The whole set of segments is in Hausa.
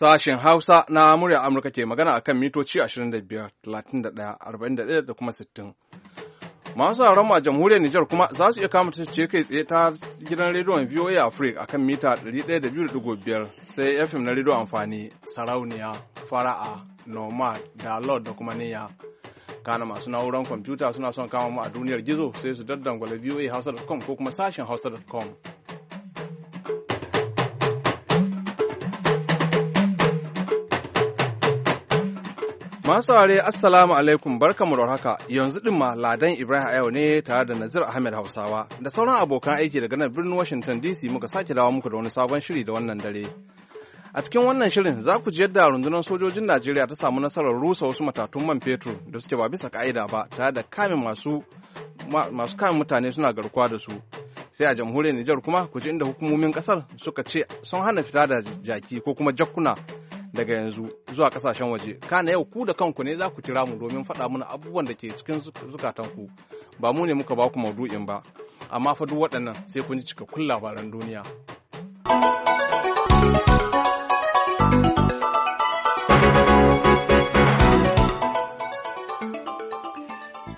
Sashen Hausa na murya Amurka ke magana akan mitoci 25, 31, 41 da kuma 60. Masu mu a jamhuriyar Nijar kuma za su iya kama ce kai tsaye ta gidan rediyon VOA Africa akan mita 102.5 sai FM na rediyon amfani sarauniya, fara'a, nomad, lord da kuma niyya. Kana masu na'urar kwamfuta suna son kama mu a duniyar gizo sai su daddangwala voa hausa.com ko kuma sashen hausa.com. Masu ware Assalamu alaikum barkamu da haka yanzu din ma Ladan Ibrahim Ayo ne tare da Nazir Ahmed Hausawa da sauran abokan aiki daga nan birnin Washington DC muka sake dawo muku da wani sabon shiri da wannan dare. A cikin wannan shirin za ku ji yadda rundunar sojojin Najeriya ta samu nasarar rusa wasu matatun man fetur da suke ba bisa ka'ida ba tare da kame masu masu mutane suna garkuwa da su. Sai a jamhuriyar Nijar kuma ku ji inda hukumomin kasar suka ce sun hana fita da jaki ko kuma jakkuna daga yanzu zuwa kasashen waje kana yau ku da kanku ne za ku kira mu domin faɗa mana abubuwan da ke cikin zukatanku ba mu ne muka ba ku maudu'in ba amma fa duk waɗannan sai kun ji cikakkun labaran duniya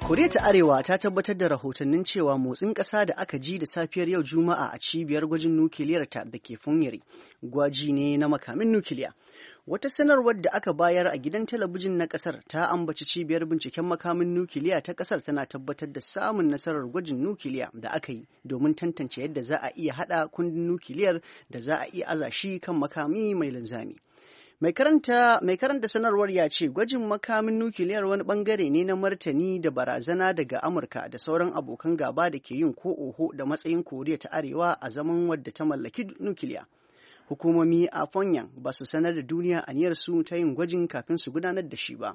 Koriya ta Arewa ta tabbatar da rahotannin cewa motsin ƙasa da aka ji da safiyar yau Juma'a a cibiyar gwajin nukiliyar ta da ke Funyari gwaji ne na makamin nukiliya. Wata sanarwar da aka bayar a gidan talabijin na ƙasar ta ambaci cibiyar binciken makamin nukiliya ta ƙasar tana tabbatar da samun nasarar gwajin nukiliya da aka yi domin tantance yadda za a iya hada kundin nukiliyar da za a iya aza shi kan makami mai linzami. Mai karanta sanarwar ya ce gwajin makamin nukiliyar wani bangare ne na martani da barazana daga Amurka da sauran abokan gaba da ke yin ko oho da matsayin Koriya ta Arewa a zaman wadda ta mallaki nukiliya. hukumomi a Pyongyang ba su sanar da duniya aniyar su ta yin gwajin kafin su gudanar da shi ba.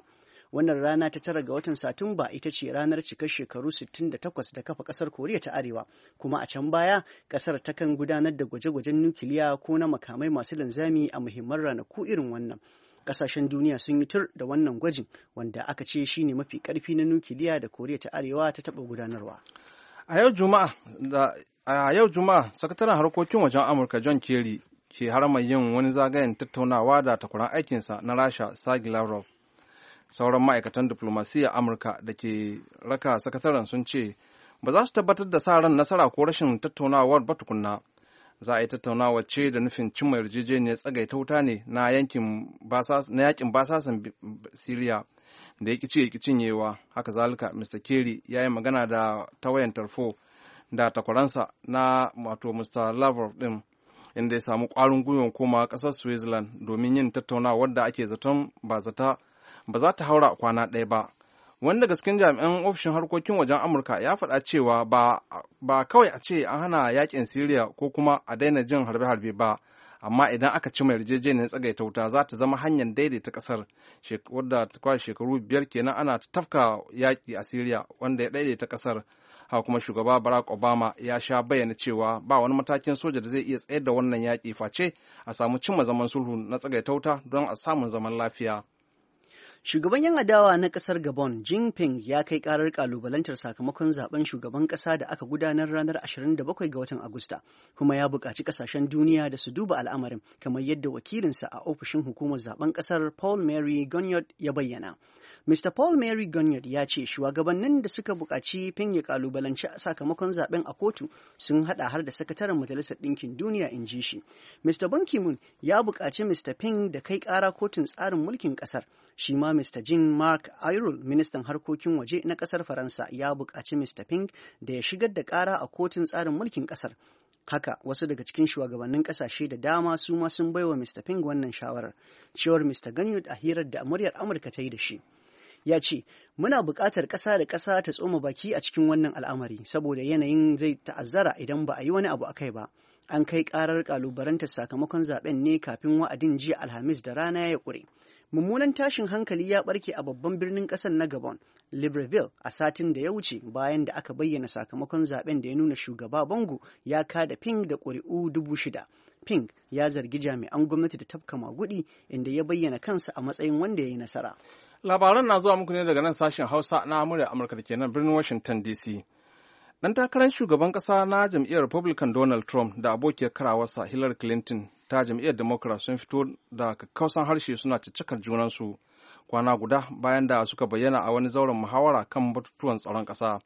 Wannan rana ta tara ga watan Satumba ita ce ranar cikar shekaru 68 da kafa kasar Koriya ta Arewa, kuma a can baya kasar ta kan gudanar da gwaje-gwajen nukiliya ko na makamai masu linzami a muhimman ranaku irin wannan. kasashen duniya sun yi tur da wannan gwajin wanda aka ce shi ne mafi karfi na nukiliya da koriya ta arewa ta taba gudanarwa a yau juma'a a yau juma'a sakataren harkokin wajen amurka john kerry ke mai yin wani zagayen tattaunawa da takwaran aikinsa na rasha sagi lavrov sauran ma'aikatan diflomasiyyar amurka da ke raka sakataren sun ce ba za su tabbatar da sa ran nasara ko rashin tattaunawar ba tukunna za a yi tattaunawa ce da nufin cimma yarjejeniyar ta wuta ne na yakin basasan siriya da ya kici ya cinyewa haka zalika mr kerry ya yi magana da ta wayan tarfo da takwaransa na wato mr lavrov din inda ya samu ƙwarin gwiwan koma ƙasar switzerland domin yin tattaunawa wadda ake zaton ba za ta haura kwana ɗaya ba wani daga cikin jami'an ofishin harkokin wajen amurka ya faɗa cewa ba kawai a ce an hana yakin siriya ko kuma a daina jin harbe-harbe ba amma idan aka ci mai yarjejeniyar tsagaita wuta za ta zama hanyar daidaita kasar wadda ta kwashe shekaru biyar kenan ana tafka yaƙi a siriya wanda ya daidaita kasar haka kuma shugaba barack obama ya sha bayyana cewa ba wani matakin soja da zai iya tsayar da wannan yaƙi face a samu cimma zaman sulhu na tsagaitauta don a samun zaman lafiya Shugaban yan adawa na kasar Gabon, Jinping ya kai karar kalubalantar sakamakon zaben shugaban kasa da aka gudanar ranar 27 ga watan Agusta, kuma ya buƙaci kasashen duniya da su duba al'amarin, kamar yadda wakilinsa a ofishin hukumar zaben kasar Paul Mary gonyard ya bayyana. Mr. Paul Mary Gunyard ya ce shugabannin da suka buƙaci fin ya kalubalanci sakamakon zaben a kotu sun hada har da sakataren Majalisar Ɗinkin Duniya in ji shi. Mr. Ban Ki-moon ya buƙaci Mr. Ping da kai ƙara kotun tsarin mulkin ƙasar. Shi ma Mr. Jean Mark Ayrol, ministan harkokin waje na ƙasar Faransa, ya buƙaci Mr. Ping da ya shigar da ƙara a kotun tsarin mulkin ƙasar. Haka wasu daga cikin shugabannin ƙasashe da dama su ma sun baiwa Mr. Ping wannan shawarar, cewar Mr. Ganyud a hirar da muryar Amurka ta yi da shi. ya ce muna buƙatar ƙasa da ƙasa ta tsoma baki a cikin wannan al'amari saboda yanayin zai ta'azzara idan ba a yi wani abu a kai ba an kai ƙarar ƙalubalantar sakamakon zaben ne kafin wa'adin jiya alhamis da rana ya ƙure mummunan tashin hankali ya ɓarke a babban birnin ƙasar na gabon libreville a satin da ya wuce bayan da aka bayyana sakamakon zaben da ya nuna shugaba bango ya kada ping da ƙuri'u dubu shida Ping ya zargi jami'an gwamnati da tafka magudi inda ya bayyana kansa a matsayin wanda ya yi nasara. Labaran na zuwa muku ne daga nan sashen Hausa na amurya Amurka da ke birnin Washington DC. Dan takarar shugaban kasa na jam'iyyar Republican Donald Trump da abokiyar karawarsa Hillary Clinton ta jam'iyyar Democrat sun fito da kakkausan harshe suna caccakar junansu kwana guda bayan da suka bayyana a wani zauren muhawara kan batutuwan tsaron kasa.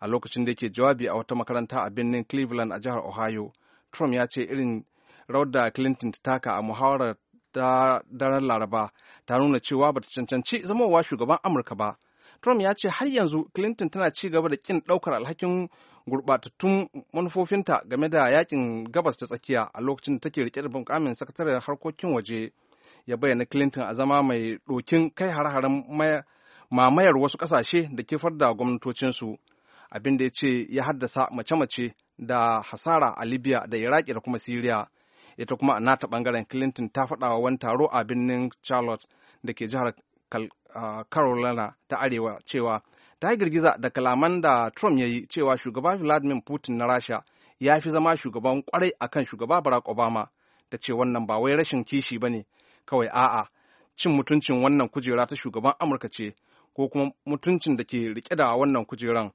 A lokacin da yake jawabi a wata makaranta a birnin Cleveland a jihar Ohio, Trump ya ce irin rawar da Clinton ta taka a muhawarar ta daren laraba ta nuna cewa bata cancanci zamowa shugaban amurka ba trump ya ce har yanzu clinton tana ci gaba da kin ɗaukar alhakin gurɓatattun manufofinta game da yakin gabas ta tsakiya a lokacin da take rike da mukamin sakataren harkokin waje ya bayyana clinton a zama mai ɗokin kai har-haren mamayar wasu ƙasashe da kifar da gwamnatocinsu abin da ya ce ya haddasa mace-mace da hasara a libya da iraki da kuma siriya ita kuma a nata bangaren clinton ta faɗawa wani taro a birnin charlotte da ke jihar carolina ta arewa cewa ta yi girgiza da kalaman da trump ya yi cewa shugaba vladimir putin na rasha ya fi zama shugaban kwarai akan shugaba barack obama da ce wannan ba wai rashin kishi ba ne kawai a'a cin mutuncin wannan kujera ta shugaban amurka ce ko kuma mutuncin da ke rike da wannan kujeran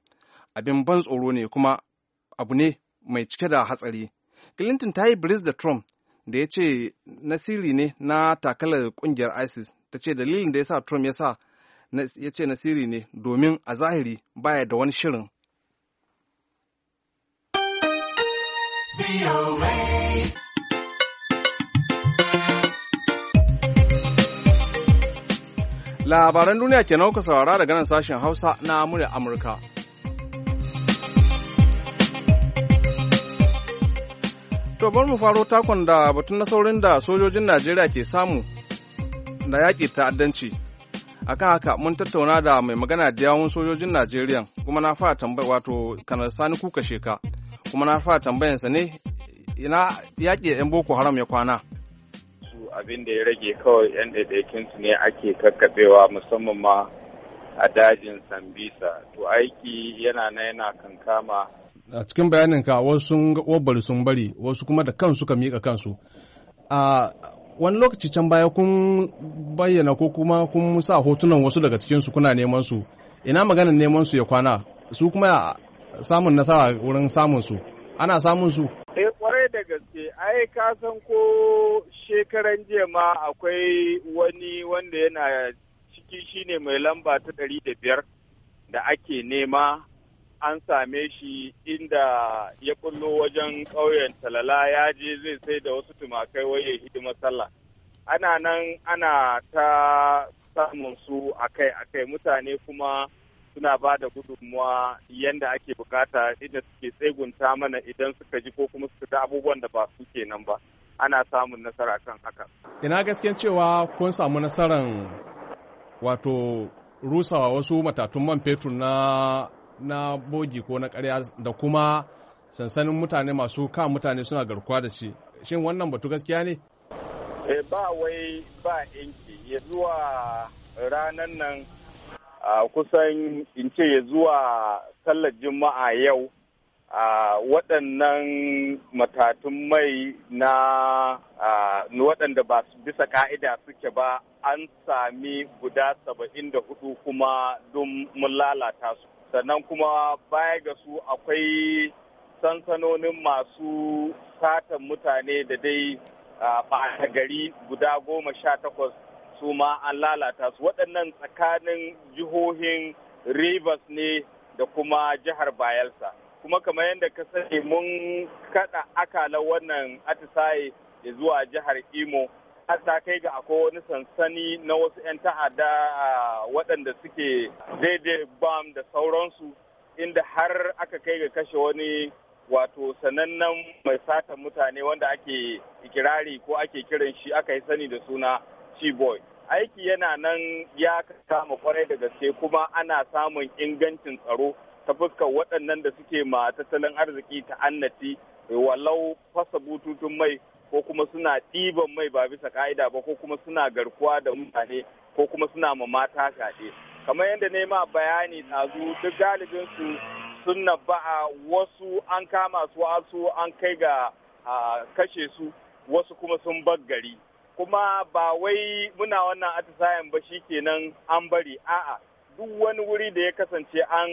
abin ban tsoro ne kuma abu ne mai cike da hatsari clinton ta yi bris da trump da ya ce nasiri ne na takalar kungiyar isis ta ce dalilin da ya sa trump ya sa ya ce nasiri ne domin a zahiri baya da wani shirin labaran duniya ke nauka saurara daga nan sashen hausa na murya amurka To bar mu faro takon da batun saurin da sojojin Najeriya ke samu da yaƙi ta'addanci. Akan haka mun tattauna da mai magana da yawun sojojin Najeriya kuma na fara tambaya wato kanar Sani Kuka Sheka kuma na fara sa ne ina yaƙi da 'yan Boko Haram ya kwana. abin da ya rage kawai 'yan daidaikinsu ne ake kakkaɓewa musamman ma a dajin sambisa to aiki yana na yana kankama a cikin bayaninka wasu sun sun bari wasu kuma da kansu ka miƙa kansu a wani lokaci can baya kun bayyana ko kuma kun sa hotunan wasu daga cikinsu kuna neman su ina maganin neman su ya kwana su kuma samun nasara wurin samun su ana samun su eh kwarai da gaske ai ka san ko shekaran jiya ma akwai wani wanda yana ciki shine mai lamba ta ɗari da biyar da ake nema an same shi inda ya kullo wajen ƙauyen talala ya je zai sai da wasu tumakai waye hidimar sallah ana nan ana ta samun su akai-akai mutane kuma suna ba da gudunmuwa yadda ake bukata inda suke tsegunta mana idan suka ji ko kuma suka ga abubuwan da ba su ke nan ba ana samun nasara kan haka. Ina gasken cewa kun samu nasarar wato rusawa wasu matatun man fetur na na bogi ko na karya da kuma sansanin mutane masu ka mutane suna garkuwa da shi shin wannan batu gaskiya ne eh, ba wai ba inci ya zuwa ranar nan kusan in ce ya zuwa sallar juma'a yau a waɗannan matatun mai na waɗanda ba su bisa ka'ida suke ba an sami guda saba'in da hudu kuma don mun lalata su sannan kuma baya ga su akwai sansanonin masu satan mutane da dai a gari guda goma sha takwas su ma an lalata su waɗannan tsakanin jihohin rivers ne da kuma jihar bayelsa kuma kamar yadda ka sani mun kaɗa akalar wannan atisaye zuwa jihar imo har ta kai ga akwai wani sansani na wasu 'yan ta'adda waɗanda suke daidai bam da sauransu inda har aka kai ga kashe wani wato sanannen mai sata mutane wanda ake ikirari ko ake kiran shi aka yi sani da suna boy aiki yana nan ya kama kwarai da gaske kuma ana samun ingancin tsaro ta fuskar waɗannan da suke ma tattalin arziki ta annati walau fasa bututun mai ko kuma suna ɗiban mai ba bisa ka'ida ba ko kuma suna garkuwa da mutane ko kuma suna ma mata fyaɗe kamar yadda ne ma bayani ɗazu duk galibin su sun ba'a wasu an kama su wasu an kai ga kashe su wasu kuma sun bar kuma ba wai muna wannan atisayen ba shi kenan an bari a'a duk wani wuri da ya kasance an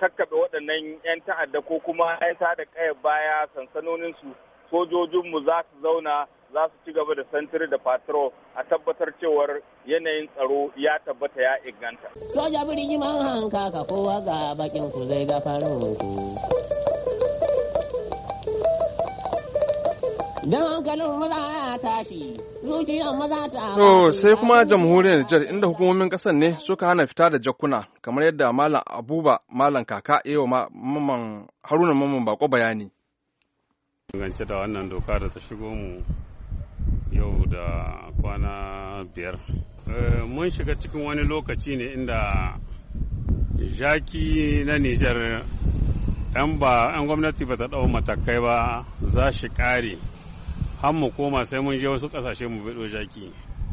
kakkaɓe waɗannan 'yan ta'adda ko kuma 'yan da kaya baya sansanoninsu sojojinmu za su zauna za su ci gaba da santiri da fatiro a tabbatar cewar yanayin tsaro ya tabbata ya inganta. Soja yi man hanka ka kowa ga bakin ku zai ga farin Don hankalin maza ya tashi, zuciyar maza ta To sai kuma jamhuriyar Nijar inda hukumomin ƙasar ne suka hana fita da jakkuna kamar yadda Malam Abuba Malam Kaka Ewa, Haruna Mamman Bako bayani. Dangance da wannan doka da ta shigo mu yau da kwana biyar. Eh, mun shiga cikin wani lokaci ne inda jaki na Nijar 'yan gwamnati ba ta ɗau matakai ba za shi ƙare har mu koma sai mun je wasu ƙasashe mu biɗo jaki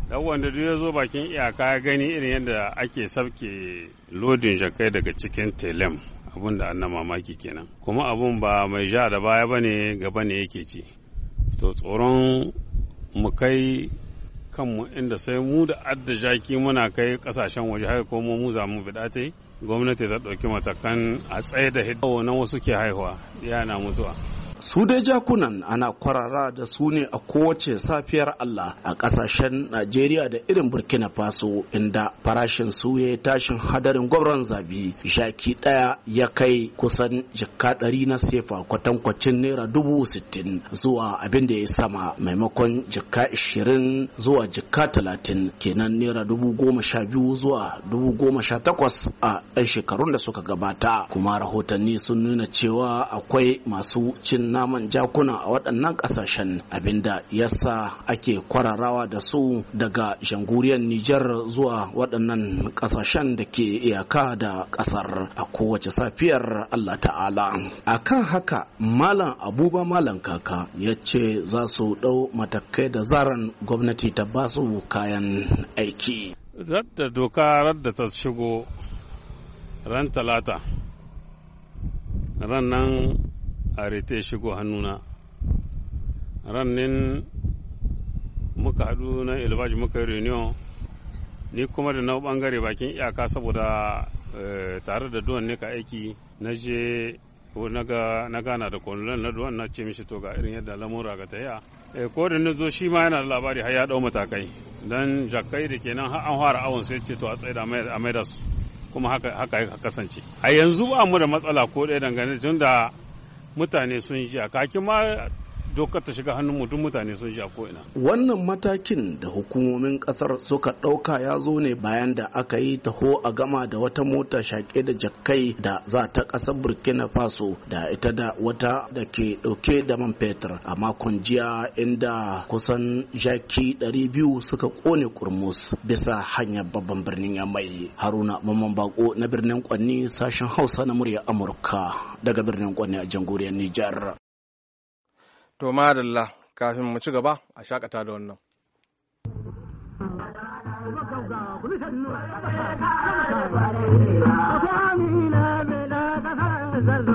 dan wanda duk ya zo bakin iyaka ya gani irin yadda ake sabke lodin jakai daga cikin telem abin da annan mamaki kenan kuma abun ba mai ja da baya bane gaba ne yake ci to tsoron mu kai kanmu inda sai mu da adda jaki muna kai kasashen waje haka ko mu za mu bida gwamnati ta ɗauki matakan a tsaye da hidda na wasu ke haihuwa yana mutuwa Su dai jakunan ana kwarara da su ne a kowace safiyar Allah a ƙasashen Najeriya da irin Burkina Faso inda farashin su ya tashin hadarin gwamnan zabi jaki ɗaya ya kai kusan jikka ɗari na sefa kwatankwacin naira dubu sittin zuwa abin da ya sama maimakon jikka ishirin zuwa jikka talatin kenan naira dubu goma sha biyu zuwa dubu goma sha takwas a 'yan shekarun da suka gabata kuma rahotanni sun nuna cewa akwai masu cin naman jakuna a waɗannan ƙasashen abinda yasa ake kwararawa da su daga janguriyar Nijar zuwa waɗannan ƙasashen da ke iyaka da ƙasar a kowace safiyar Allah ta'ala. A kan haka Malam Abuba Malam Kaka ya ce za su ɗau matakai da zaran gwamnati ta ba su kayan aiki. Radda doka radda ta shigo ran talata ran nan arete shigo hannuna rannin muka haɗu na ilbaj muka yi reunion ni kuma da nau bangare bakin iyaka saboda eh, tare da duwan ne ka aiki na je na gana da kwanulan na duwan na ce mishi to ga irin yadda lamura ga ta eh, ko da na zo shi ma yana da labari har ya dau matakai dan jakai da kenan har an fara awon sai ce to a tsaida a maida su kuma haka haka kasance a yanzu ba mu da matsala ko ɗaya dangane tun da mutane sun ji a kakin ma dokar ta shiga hannun mutum mutane sun ji ko'ina. Wannan matakin da hukumomin kasar suka ɗauka ya zo ne bayan da aka yi taho a gama da wata mota shaƙe da jakkai da za ta ƙasar Burkina Faso da ita da wata da ke ɗauke da man fetur a makon jiya inda kusan jaki 200 suka ƙone kurmus bisa hanyar babban birnin ya mai. Haruna Mamman Bako na birnin Kwanni sashen Hausa na murya Amurka daga birnin Kwanni a jamhuriyar Nijar. To madalla kafin mu ci gaba a shakata da wannan. Amina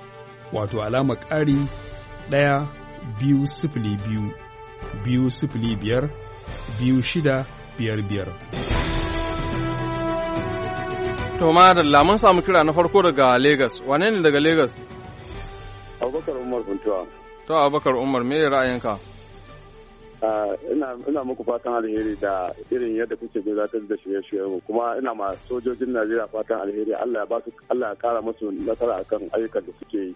wato alama ƙari ɗaya biyu sifili biyu biyu sifili biyar biyu shida biyar biyar. To da mun samu kira na farko daga Legas. Wane ne daga Legas? Abubakar Umar Buntuwa. To Abubakar Umar me ra'ayinka? Ah, ina muku fatan alheri da irin yadda kuke gudanar da shirye-shiryen kuma ina ma sojojin Najeriya fatan alheri Allah ya ba su Allah ya kara musu nasara akan ayyukan da suke yi.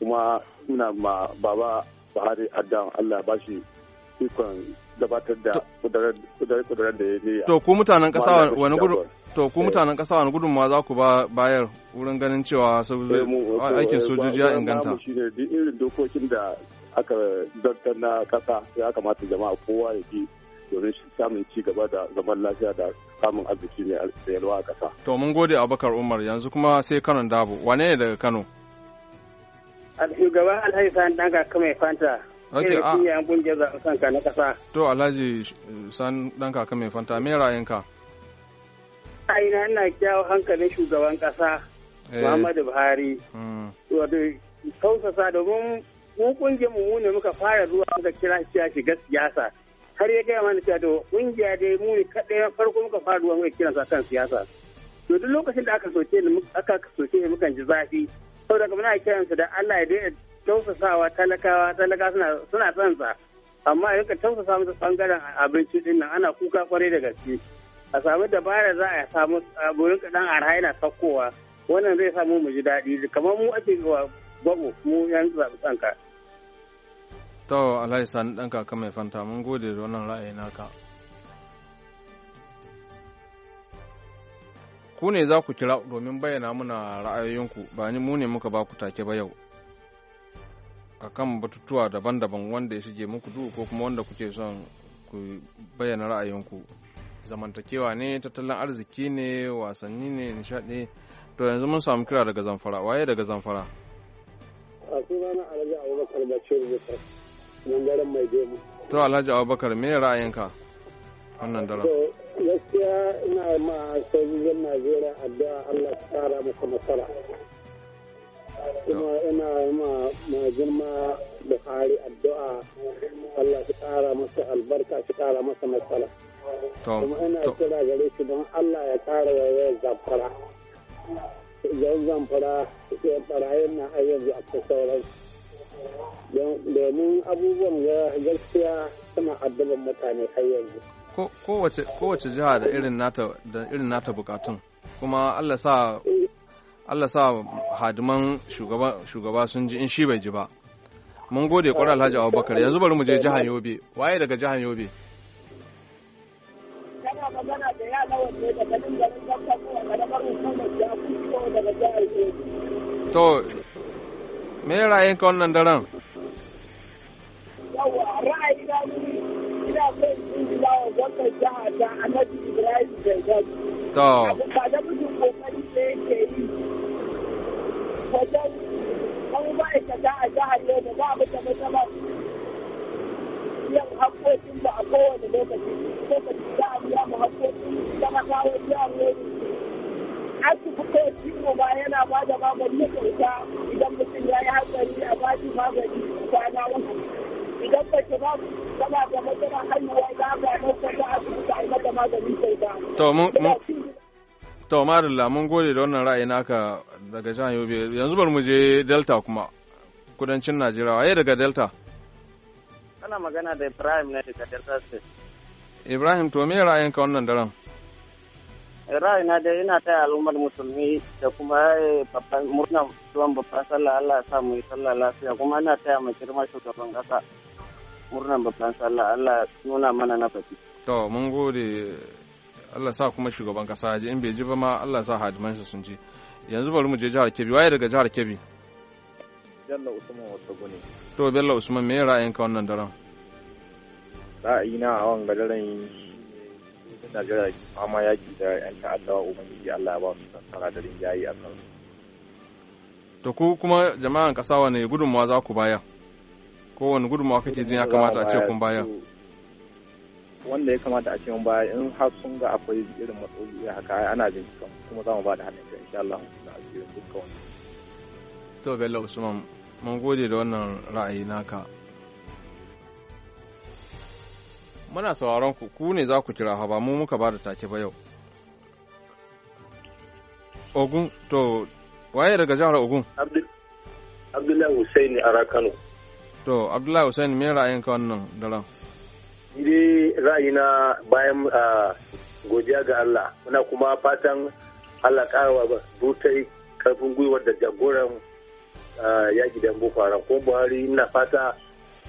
kuma muna ma baba Buhari addan Allah ba shi ikon gabatar da kudurar da ya iya. to ku mutanen kasa wani gudu to ku mutanen kasa wani za ku bayar wurin ganin cewa eh, aikin eh, sojoji ya inganta shine duk irin dokokin da aka zartar na kasa ya kamata jama'a kowa ya bi domin samun ci gaba da zaman lafiya da samun arziki mai yalwa a kasa to mun gode abakar umar yanzu kuma sai kanon dabo wane ne daga kano shugaban Alhaji Sani ɗan kaka mai fanta. Ok, a. Ah. Shi kungiyar zaɓen kanka na ƙasa. To Alhaji eh, Sani ɗan kaka mai fanta, me ra'ayinka? Ra'ayina ina kyawo hankalin shugaban ƙasa. Eh. Muhammadu Buhari. Hmm. Wato, tausasa domin mu kungiyar mu ne muka fara zuwa muka kira shi ya shiga siyasa. Har ya gaya mana cewa to kungiya dai mu ne kaɗai farko muka fara zuwa muka kira sa kan siyasa. To duk lokacin da aka soke ni aka soke ni mukan ji zafi. saboda kuma na kiran su da Allah ya daina tausasawa talakawa talaka suna suna son sa amma a ka tausasa musu bangaren abinci din nan ana kuka kwarai da gaske a samu dabara za a samu aburin kadan arha yana sakkowa wannan zai samu mu ji daɗi kamar mu ake wa gwabo mu yan zaɓi tsanka. to alhaji sani ɗan kaka mai fanta mun gode da wannan ra'ayi naka. ku ne za ku kira domin bayyana muna ra'ayoyinku ba ni mu ne muka ba ku take ba yau a kan batutuwa daban-daban wanda ya shige muku duhu ko kuma wanda kuke son ku bayyana ra'ayinku zamantakewa ne tattalin arziki ne wasanni ne nishadi to yanzu mun samu kira daga zamfara waye daga zamfara a alhaji abubakar mai to alhaji abubakar me ra'ayinka wannan daren gaskiya ina ma sojojin najeriya addu'a allah ta tara muku nasara kuma ina ma ma girma buhari addu'a allah ta tara masa albarka su kara masa nasara kuma ina kira gare shi don allah ya kara yaya zamfara don zamfara ya barayin na ayyanzu a sauran domin abubuwan gaskiya suna addu'a mutane har yanzu kowace jiha da irin nata da irin nata bukatun kuma Allah sa Allah sa hadiman shugaba shugaba sun ji in shi bai ji ba mun gode kwarar Alhaji Abubakar yanzu bari mu je jiha Yobe waye daga jiha Yobe To, me ra'ayinka wannan daren? gwamnan jiha ta Alhaji Ibrahim Zainab. To. Ba da mutum kokari da yake yi wajen an ma'aikata a jihar ne da ba mu da matsala biyan haƙoƙin ba a kowane lokaci lokaci za a biya mu haƙoƙin talakawa jihar ne asibitoci ba yana ba da magani kyauta idan mutum ya yi hatsari a ba shi magani kwana wasu. idan ba ki ba tana da matsalar haihuwa za ka ɗauka ta asibiti a mata magani sai ba. To mun To Marilla mun gode da wannan ra'ayi naka daga jihar Yobe yanzu bari mu je Delta kuma kudancin Najeriya waye daga Delta? Ana magana da Ibrahim ne daga Delta State. Ibrahim to me ra'ayinka wannan daren? Ra'ayina dai ina taya al'ummar musulmi da kuma eh, babban murnar zuwan babban sallah Allah ya sa mu yi sallah lafiya kuma ina taya mai girma shugaban kasa murnan babban sallah Allah nuna mana na fati. to mun gode Allah sa kuma shugaban kasa ji in bai ji ba ma Allah sa hadiman shi sun ji yanzu bari mu je jihar Kebbi waye daga jihar Kebbi Bello Usman wasu gune to Bello Usman me ra'ayinka wannan daren na a wanga daren Najeriya fama yaki da 'yan ta'adda wa Ubangiji Allah ya ba su tsara da rinjayi a kansu. To ku kuma jama'an ƙasa ne gudunmawa za ku baya. kowane gudunmawa kake jin ya kamata a ce kun bayar wanda ya kamata a ce mun baya in har sun ga akwai irin matsaloli haka ana jin kuma za mu ba da haɗin kai insha Allah da asirin dukkan wani. to bello usman mun gode da wannan ra'ayi naka muna sauraron ku ku ne za ku kira ha ba mu muka ba da take ba yau ogun to waye daga jihar ogun abdullahi husaini ara kano To, Abdullahi Hussein, me ra'ayinka wannan daren? Ni ra'ayina bayan godiya ga Allah, muna kuma fatan Allah ƙarawa dutai karfin gwiwar da jagoran yaƙi da Boko Haram. Ko Buhari ina fata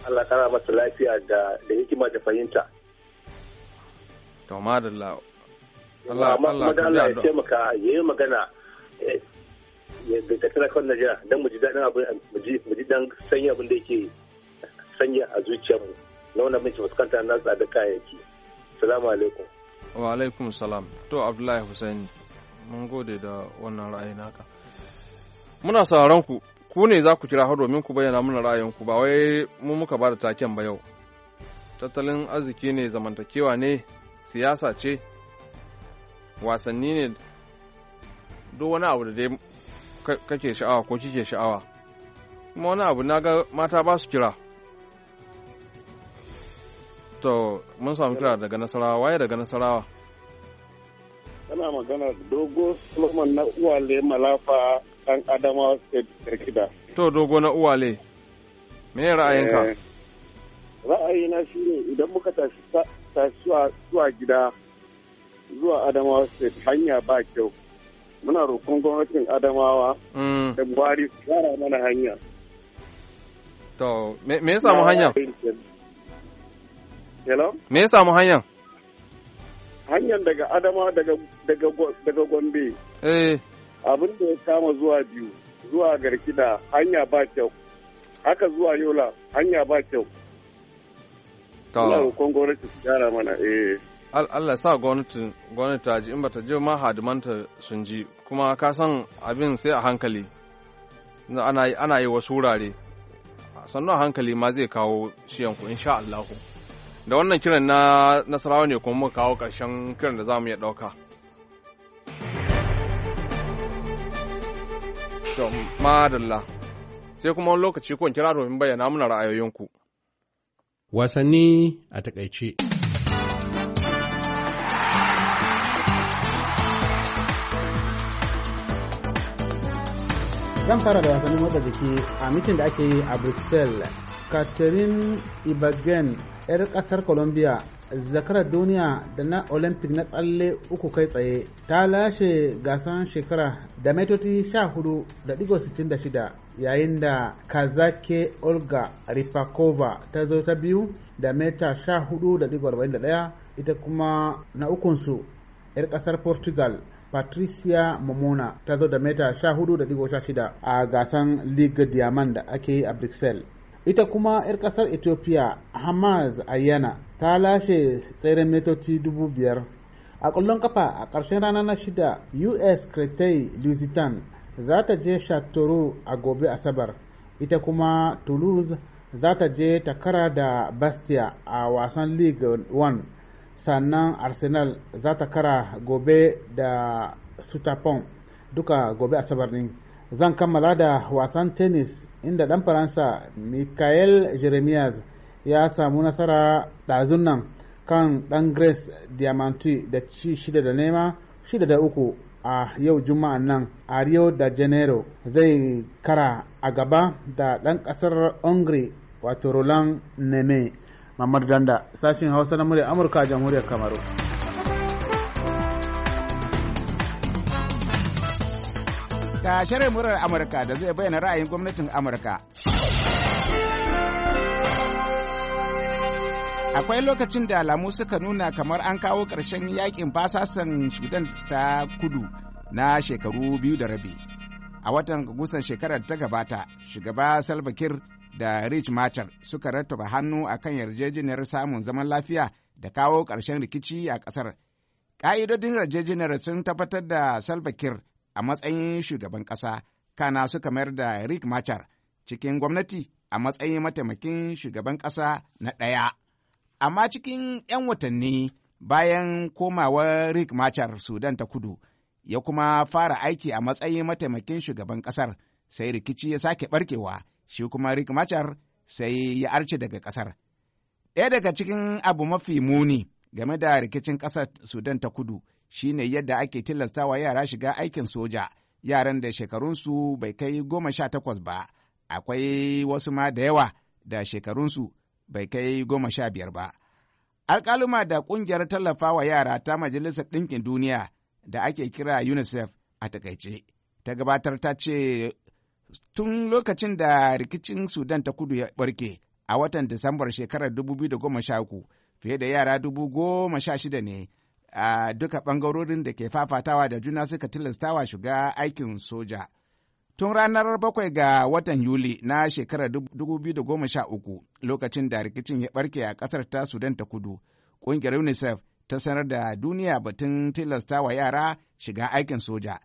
Allah ƙara masa lafiya da hikima da fahimta. To, madalla. Allah Allah ya taimaka ya yi magana da talakon Najeriya don mu ji daɗin abin mu ji dan sanya abin da yake sanya a zuciyarmu na wanda muke fuskanta na tsada kayayyaki salamu alaikum wa alaikum salam to abdullahi Hussaini. mun gode da wannan ra'ayi naka muna sauraron ku ku ne za ku kira har domin ku bayyana mana ra'ayinku ba wai mu muka ba da taken ba yau tattalin arziki ne zamantakewa ne siyasa ce wasanni ne duk wani abu da dai kake sha'awa ko kike sha'awa kuma wani abu na ga mata ba su kira To, mun samu kira daga Nasarawa, waye daga Nasarawa? Kana magana dogo Solomon na Uwale Malafa ɗan Adamawa State Kirkida. To, dogo na Uwale, me ra'ayinka? Eh, ra'ayina shi ne idan muka tashi zuwa gida zuwa Adamawa State hanya ba kyau. Muna roƙon gwamnatin Adamawa mm. da gwari su mana hanya. To, me ya samu hanya? Hello? Me ya samu hanyar? Hanyar daga Adama daga Gombe. Eh. Abin da ya kama zuwa biyu, zuwa garkida hanya ba kyau. Haka zuwa Yola hanya ba kyau. Ta. Ina roƙon gwamnati su gyara mana eh. Allah sa gwamnati gwamnati ta ji in bata je ma hadimanta sun ji kuma ka san abin sai a hankali ana yi wasu wurare sannan a hankali ma zai kawo shiyanku insha Allahu. da wannan kiran na nasarawa ne kuma muka kawo ƙarshen kiran da za mu iya ɗauka madalla sai kuma wani lokaci kun kira domin bayyana muna ra'ayoyinku wasanni a takaice zan fara da wasannin motsa jiki a mitin da ake yi a bruxelles catherine ibagen 'yar kasar colombia zakarar duniya da na olympic na tsalle uku kai tsaye ta lashe gasan shekara da metoti 14.66 yayin da kazake olga ripakova ta zo ta biyu da meta 14.41 ita kuma na ukunsu 'yar kasar portugal patricia momona ta zo da meta 14.16 a gasan ligue diamond da ake yi a bruxelles ita kuma 'yar kasar ethiopia hamaz ayyana ta lashe tseren metoci 5,000 a ƙwallon kafa a ƙarshen rana na shida us cretai lusitan za ta je shatoro a gobe asabar ita kuma toulouse za ta je takara da bastia a wasan league 1 sannan arsenal za ta kara gobe da sutapon duka gobe asabar din zan kammala da wasan tennis inda ɗan faransa michael jeremias ya samu nasara ɗazun nan kan ɗan grace diamanti da ci shida da nema shida da uku a yau juma'a nan a rio de janeiro zai kara a gaba da ɗan ƙasar hungary wato roland neme mamar danda sashin hausa na murya amurka a jamhuriyar kamaru Ga shirin murar Amurka da zai bayyana ra'ayin gwamnatin Amurka. akwai lokacin da alamu suka nuna kamar an kawo ƙarshen yakin basasan sudan ta kudu na shekaru biyu da rabi a watan gusan shekarar ta gabata shugaba salva kiir da rich Matar suka rattaba hannu a kan yarjejeniyar samun zaman lafiya da kawo ƙarshen rikici a ƙasar ƙa'idodin yarjejeniyar sun tabbatar da salva kiir a matsayin shugaban ƙasa kana suka mayar da Rick Machar cikin gwamnati a matsayin mataimakin shugaban ƙasa na ɗaya. Amma cikin 'yan watanni bayan komawar Rick Machar Sudan ta kudu ya kuma fara aiki a matsayin mataimakin shugaban ƙasar sai rikici ya sake ɓarkewa shi kuma Rick Machar sai ya arce daga ƙasar. Ɗaya daga cikin abu mafi muni game da rikicin ƙasar Sudan ta kudu shine yadda ake tilastawa yara shiga aikin soja yaran da shekarunsu bai kai goma sha takwas ba akwai wasu ma da yawa da shekarunsu bai kai goma sha biyar ba alkaluma da ƙungiyar wa yara ta majalisar ɗinkin duniya da ake kira unicef a takaice ta gabatar ta ce tun lokacin da rikicin sudan ta kudu ya barke a watan disambar shekarar 2013 fiye da yara dubu goma shida ne a duka bangarorin da ke fafatawa da juna suka tilastawa shiga aikin soja. Tun ranar bakwai ga watan Yuli na shekarar 2013 lokacin da rikicin ya barke a ƙasar ta Sudan ta kudu, ƙungiyar UNICEF ta sanar da duniya batun tilastawa yara shiga aikin soja.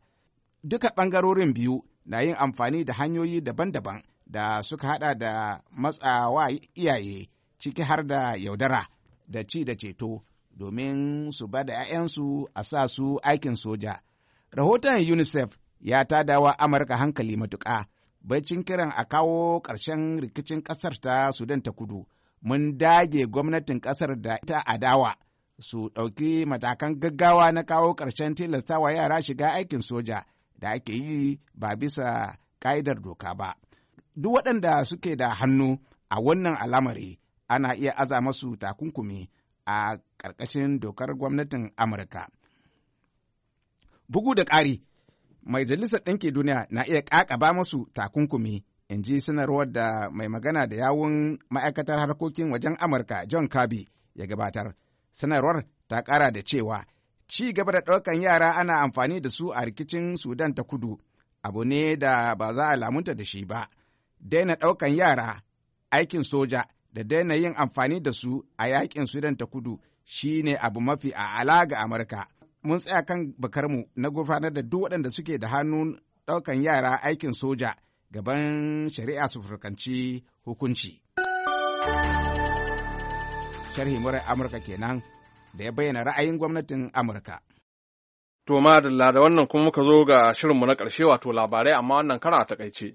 Duka bangarorin biyu na yin amfani da hanyoyi daban-daban da suka hada da matsawa iyaye ciki har da yaudara da ci da ceto. domin su ba da 'ya'yansu a sa su aikin soja. Rahoton UNICEF ya tadawa Amurka hankali matuƙa, baicin kiran a kawo ƙarshen rikicin ƙasar ta Sudan ta kudu, mun dage gwamnatin ƙasar da ta adawa su ɗauki matakan gaggawa na kawo ƙarshen tilastawa yara shiga aikin soja da ake yi ba bisa ƙa'idar doka ba. Duk waɗanda suke da hannu a wannan al'amari ana iya aza masu takunkumi a ƙarƙashin dokar gwamnatin Amurka. Bugu da ƙari, Majalisar Ɗinki Duniya na iya ƙaƙaba masu takunkumi, in ji sanarwar da mai magana da yawun ma'aikatar harkokin wajen Amurka John Kirby ya gabatar. Sanarwar ta ƙara da cewa, ci gaba da ɗaukan yara ana amfani da su a rikicin Sudan ta kudu, abu ne da ba za a lamunta da shi ba. Daina ɗaukan yara, aikin soja, da daina yin amfani da su a yaƙin Sudan ta kudu shi ne abu mafi a ala ga Amurka. Mun tsaya kan bakarmu na gurfanar da duk waɗanda suke da hannun ɗaukan yara aikin soja gaban shari'a su furkanci hukunci. Sharhi murar Amurka kenan da ya bayyana ra'ayin gwamnatin Amurka. To madalla da wannan kuma muka zo ga shirinmu na ƙarshe wato labarai amma wannan kara a takaice.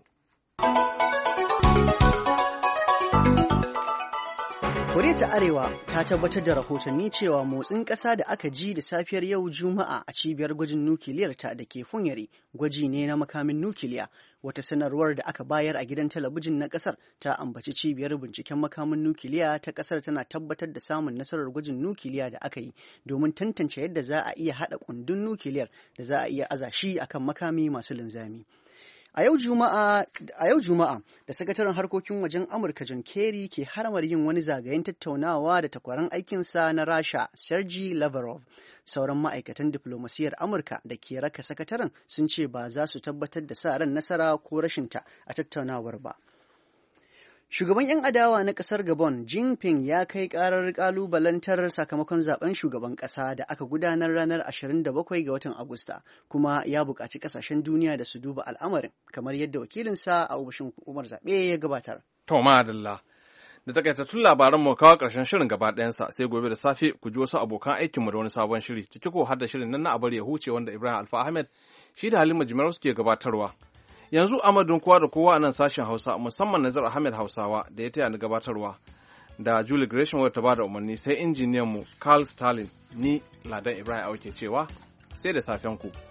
Koriya ta Arewa ta tabbatar da rahotanni cewa motsin ƙasa da aka ji da safiyar yau Juma'a a cibiyar gwajin nukiliyar ta da ke Funyari gwaji ne na makamin nukiliya. Wata sanarwar da aka bayar a gidan talabijin na ƙasar ta ambaci cibiyar binciken makamin nukiliya ta ƙasar tana tabbatar da samun nasarar gwajin nukiliya da aka yi domin tantance yadda za a iya haɗa kundin nukiliyar da za a iya aza shi akan makami masu linzami. A yau Juma'a da sakataren harkokin wajen Amurka John Kerry ke haramar yin wani zagayen tattaunawa da takwaran aikinsa na Rasha Sergey Lavrov. Sauran ma'aikatan diflomasiyar Amurka da ke raka sakataren sun ce ba za su tabbatar da sa ran nasara ko rashinta a tattaunawar ba. Shugaban 'yan adawa na ƙasar Gabon, Jinping ya kai ƙarar ƙalubalantar sakamakon zaben shugaban ƙasa da aka gudanar ranar 27 ga watan Agusta, kuma ya buƙaci ƙasashen duniya da su duba al'amarin, kamar yadda wakilinsa a ofishin hukumar zaɓe ya gabatar. Toma Adalla, da takaitattun labaran mu kawo ƙarshen shirin gaba ɗayansa sai gobe da safe ku ji wasu abokan aikinmu da wani sabon shiri, ciki ko har da shirin nan na abar ya huce wanda Ibrahim Alfa Ahmed shi da Halima Jimarau suke gabatarwa. yanzu amadun kowa da kowa a nan sashen hausa musamman nazar ahmed hausawa da ya taya ni gabatarwa da julie gresham wadda ta bada umarni sai injiniyan mu carl stalin ni ladan ibrahim auke cewa sai da safen ku.